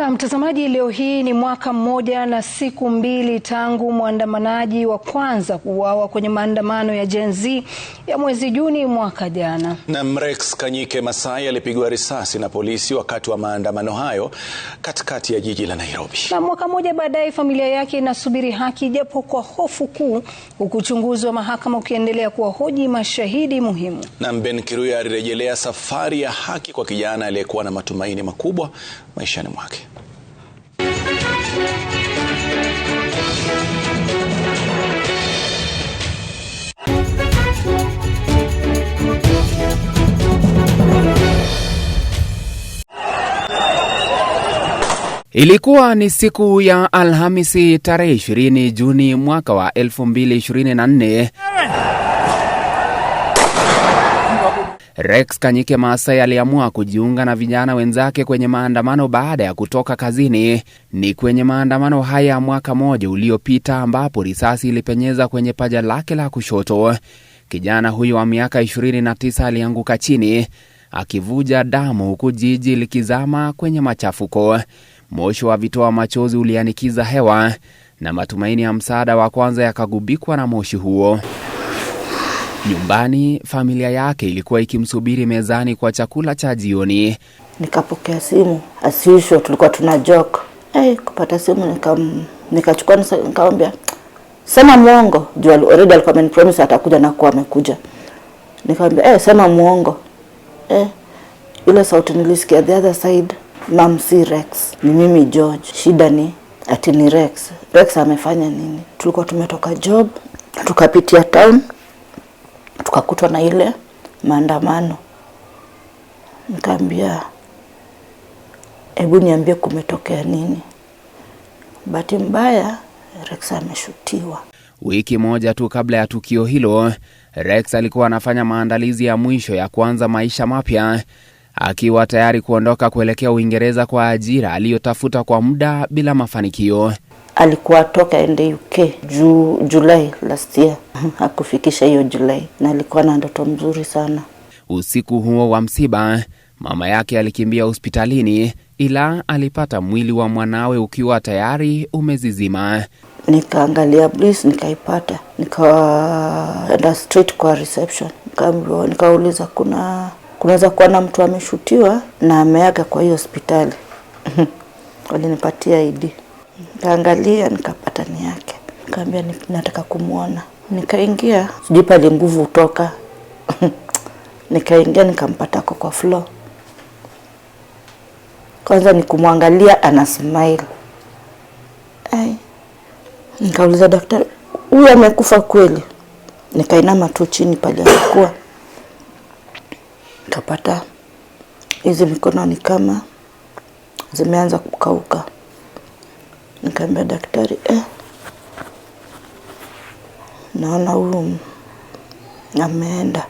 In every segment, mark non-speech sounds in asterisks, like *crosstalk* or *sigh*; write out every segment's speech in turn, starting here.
Na mtazamaji, leo hii ni mwaka mmoja na siku mbili tangu mwandamanaji wa kwanza kuuawa kwenye maandamano ya Gen Z ya mwezi Juni mwaka jana. Na Rex Kanyike Masai alipigwa risasi na polisi wakati wa maandamano hayo katikati ya jiji la Nairobi. Na mwaka mmoja baadaye, familia yake inasubiri haki japo kwa hofu kuu, huku uchunguzi wa mahakama ukiendelea kuwahoji mashahidi muhimu. Na Ben Kiruya alirejelea safari ya haki kwa kijana aliyekuwa na matumaini makubwa maishani mwake. Ilikuwa ni siku ya Alhamisi tarehe 20 Juni mwaka wa 2024. Rex Kanyike Masai aliamua kujiunga na vijana wenzake kwenye maandamano baada ya kutoka kazini. Ni kwenye maandamano haya mwaka mmoja uliopita ambapo risasi ilipenyeza kwenye paja lake la kushoto. Kijana huyo wa miaka 29 alianguka chini akivuja damu huku jiji likizama kwenye machafuko. Moshi wa vitoa machozi ulianikiza hewa na matumaini ya msaada wa kwanza yakagubikwa na moshi huo. Nyumbani, familia yake ilikuwa ikimsubiri mezani kwa chakula cha jioni. Nikapokea simu asiisho tulikuwa tuna joke hey, eh, kupata simu nikachukua, nika nikaambia sema mwongo juu already alikuwa amenipromise atakuja na kuwa amekuja. Nikamwambia hey, eh, sema mwongo hey, eh, ile sauti nilisikia the other side Mamsi Rex. Ni mimi George. Shida ni ati ni Rex. Rex amefanya nini? Tulikuwa tumetoka job, tukapitia town, tukakutwa na ile maandamano. Nikaambia, hebu niambie kumetokea nini? Bahati mbaya Rex ameshutiwa. Wiki moja tu kabla ya tukio hilo, Rex alikuwa anafanya maandalizi ya mwisho ya kuanza maisha mapya akiwa tayari kuondoka kuelekea Uingereza kwa ajira aliyotafuta kwa muda bila mafanikio. Alikuwa toka ende UK ju, Julai last year, *laughs* hakufikisha hiyo Julai, na alikuwa na ndoto mzuri sana. Usiku huo wa msiba, mama yake alikimbia hospitalini, ila alipata mwili wa mwanawe ukiwa tayari umezizima. Nikaangalia blis, nikaipata, nikaenda straight kwa reception, nikauliza kuna kunaweza kuona mtu ameshutiwa na ameaga kwa hiyo hospitali. *laughs* Walinipatia ID, nikaangalia nikapata ni yake, nikaambia nataka kumwona. Nikaingia, sijui pale nguvu hutoka *laughs* nikaingia nikampata ko kwa floor. Kwanza nikumwangalia ana smile. Ai, nikauliza daktari, huyu amekufa kweli? Nikainama tu chini pale alikuwa Utapata hizi mikono ni kama zimeanza kukauka. Nikaambia daktari eh, naona huyu ameenda.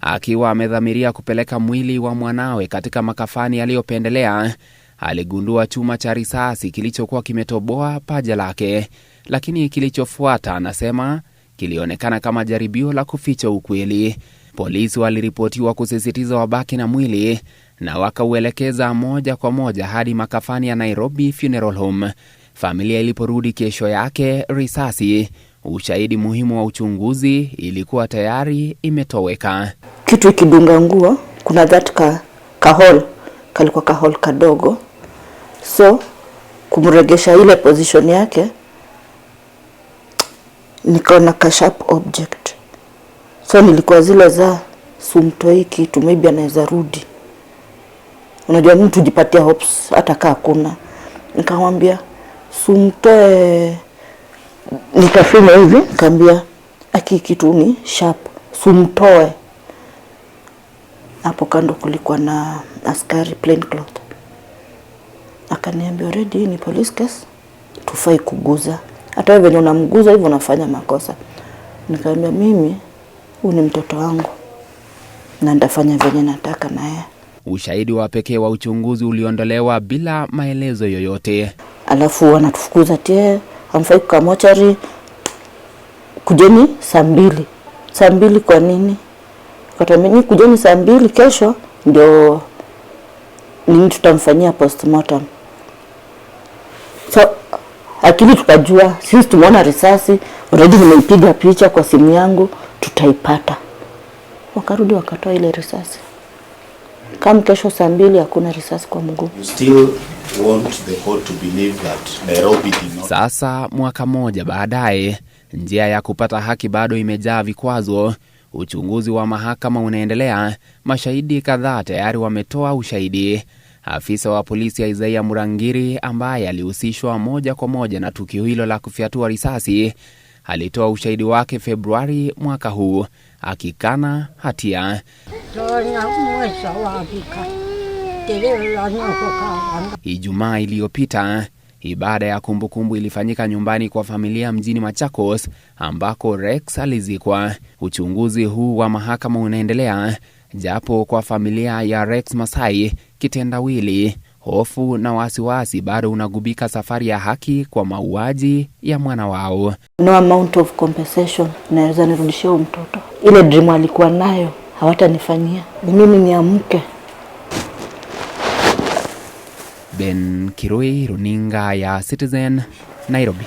Akiwa amedhamiria kupeleka mwili wa mwanawe katika makafani aliyopendelea, aligundua chuma cha risasi kilichokuwa kimetoboa paja lake, lakini kilichofuata, anasema kilionekana kama jaribio la kuficha ukweli. Polisi waliripotiwa kusisitiza wabaki na mwili na wakauelekeza moja kwa moja hadi makafani ya Nairobi Funeral Home. Familia iliporudi kesho yake, risasi, ushahidi muhimu wa uchunguzi, ilikuwa tayari imetoweka. Kitu ikidunga nguo, kuna that ka, kahol kalikuwa kahol kadogo, so kumregesha ile position yake nikaona ka sharp object So nilikuwa zile za sumtoi kitu, maybe anaweza rudi. Unajua mtu jipatia hopes hata kaa kuna. Nikamwambia sumtoe, nikafanya hivi, nikamwambia aki kitu ni sharp, sumtoe. Hapo kando kulikuwa na askari plain cloth, akaniambia ready ni police case, tufai kuguza. Hata wewe venye unamguza hivyo unafanya makosa. Nikamwambia mimi huu ni mtoto wangu na nitafanya venye nataka naye. Ushahidi wa pekee wa uchunguzi uliondolewa bila maelezo yoyote. Alafu wanatufukuza tie, hamfai kukamochari mochari, kujeni saa mbili. Saa mbili kwa nini? Katamenyi kujeni saa mbili kesho ndio nini tutamfanyia postmortem. So akili tukajua sisi tumeona risasi, redi nimeipiga picha kwa simu yangu tutaipata. Wakarudi wakatoa ile risasi. Kama kesho saa mbili hakuna risasi kwa mguu. Sasa mwaka mmoja baadaye, njia ya kupata haki bado imejaa vikwazo. Uchunguzi wa mahakama unaendelea, mashahidi kadhaa tayari wametoa ushahidi. Afisa wa polisi ya Murangiri ambaye alihusishwa moja kwa moja na tukio hilo la kufyatua risasi alitoa ushahidi wake Februari mwaka huu akikana hatia. Ijumaa iliyopita ibada ya kumbukumbu kumbu ilifanyika nyumbani kwa familia mjini Machakos ambako Rex alizikwa. Uchunguzi huu wa mahakama unaendelea, japo kwa familia ya Rex Masai kitendawili hofu na wasiwasi bado unagubika safari ya haki kwa mauaji ya mwana wao. No amount of compensation naweza nirudishia huyu mtoto, ile dream alikuwa nayo hawatanifanyia ni mimi niamke. Ben Kirui, runinga ya Citizen, Nairobi.